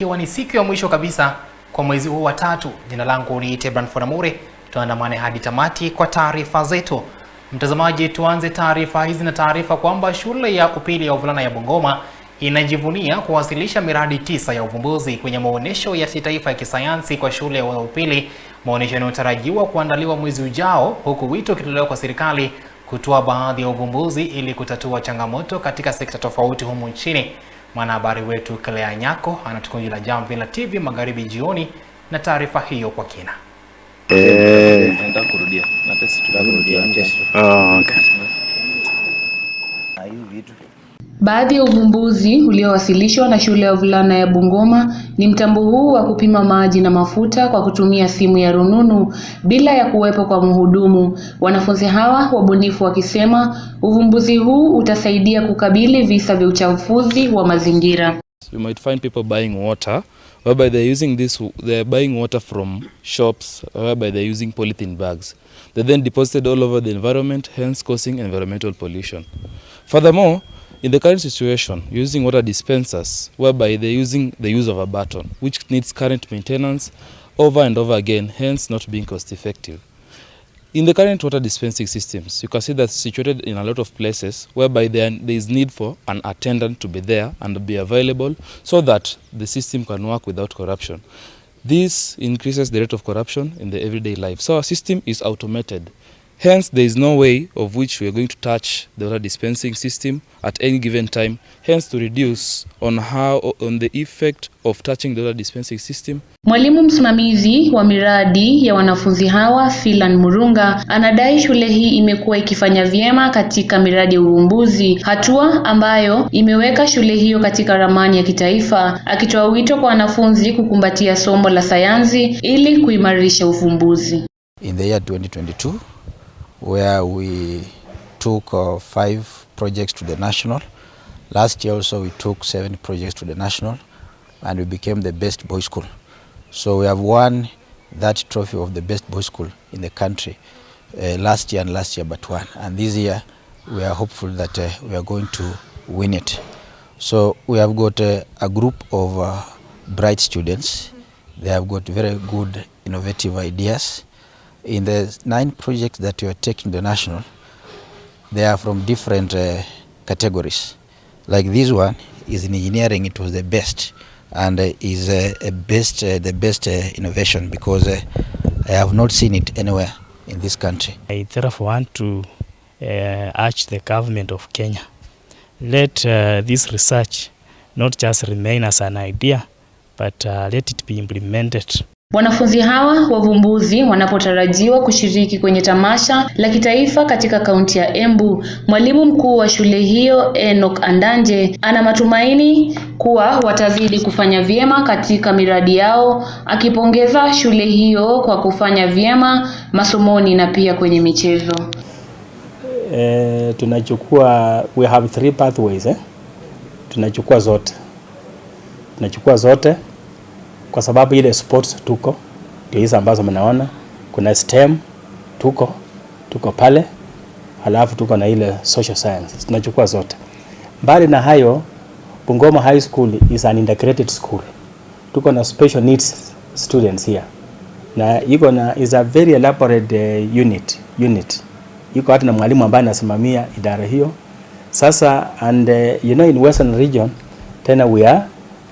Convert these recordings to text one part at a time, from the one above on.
Ikiwa ni siku ya mwisho kabisa kwa mwezi huu wa tatu, jina langu ni Tebran Fonamure. Tuandamane hadi tamati kwa taarifa zetu. Mtazamaji, tuanze taarifa hizi na taarifa kwamba shule ya upili ya wavulana ya Bungoma inajivunia kuwasilisha miradi tisa ya uvumbuzi kwenye maonyesho ya kitaifa ya kisayansi kwa shule ya upili, maonyesho yanayotarajiwa kuandaliwa mwezi ujao, huku wito ukitolewa kwa serikali kutoa baadhi ya uvumbuzi ili kutatua changamoto katika sekta tofauti humu nchini. Mwanahabari wetu Kelea Nyako anatukunja la jamvi la TV Magharibi jioni na taarifa hiyo kwa kina. Eh, Baadhi ya uvumbuzi uliowasilishwa na shule ya wavulana ya Bungoma ni mtambo huu wa kupima maji na mafuta kwa kutumia simu ya rununu bila ya kuwepo kwa mhudumu. Wanafunzi hawa wabunifu wakisema uvumbuzi huu utasaidia kukabili visa vya uchafuzi wa mazingira. You might find people buying water whereby they're using this they're buying water from shops whereby they're using polythene bags. They're then deposited all over the environment hence causing environmental pollution. Furthermore, In the current situation, using water dispensers, whereby they're using the use of a button, which needs current maintenance over and over again, hence not being cost effective. In the current water dispensing systems, you can see that situated in a lot of places whereby there is need for an attendant to be there and be available so that the system can work without corruption. This increases the rate of corruption in the everyday life. So our system is automated. Hence, there is no way of which we are going to touch the water dispensing system at any given time, hence to reduce on how, on the effect of touching the water dispensing system. Mwalimu msimamizi wa miradi ya wanafunzi hawa Filan Murunga anadai shule hii imekuwa ikifanya vyema katika miradi ya uvumbuzi, hatua ambayo imeweka shule hiyo katika ramani ya kitaifa, akitoa wito kwa wanafunzi kukumbatia somo la sayansi ili kuimarisha uvumbuzi. In the year 2022 where we took uh, five projects to the national. Last year also we took seven projects to the national and we became the best boys school. So we have won that trophy of the best boys school in the country uh, last year and last year but one. And this year we are hopeful that uh, we are going to win it. So we have got uh, a group of uh, bright students. They have got very good innovative ideas in the nine projects that you are taking the national they are from different uh, categories like this one is in engineering it was the best and uh, is uh, a best uh, the best uh, innovation because uh, I have not seen it anywhere in this country I therefore want to uh, urge the government of Kenya let uh, this research not just remain as an idea but uh, let it be implemented Wanafunzi hawa wavumbuzi wanapotarajiwa kushiriki kwenye tamasha la kitaifa katika kaunti ya Embu, mwalimu mkuu wa shule hiyo Enoch Andanje ana matumaini kuwa watazidi kufanya vyema katika miradi yao, akipongeza shule hiyo kwa kufanya vyema masomoni na pia kwenye michezo. Eh, tunachukua we have three pathways eh? Tunachukua zote tunachukua zote kwa sababu ile sports tuko ndio hizo ambazo mnaona kuna STEM tuko tuko pale, halafu tuko na ile social science tunachukua zote. Mbali na hayo, Bungoma High School is an integrated school, tuko na special needs students here na iko na is a very elaborate uh, unit unit iko hata na mwalimu ambaye anasimamia idara hiyo sasa, and uh, you know in western region tena we are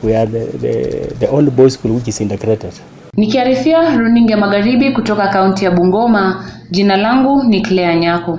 where the, the, the old boys school which is integrated. Nikiarifia runinga magharibi kutoka kaunti ya Bungoma, jina langu ni Claire Nyako.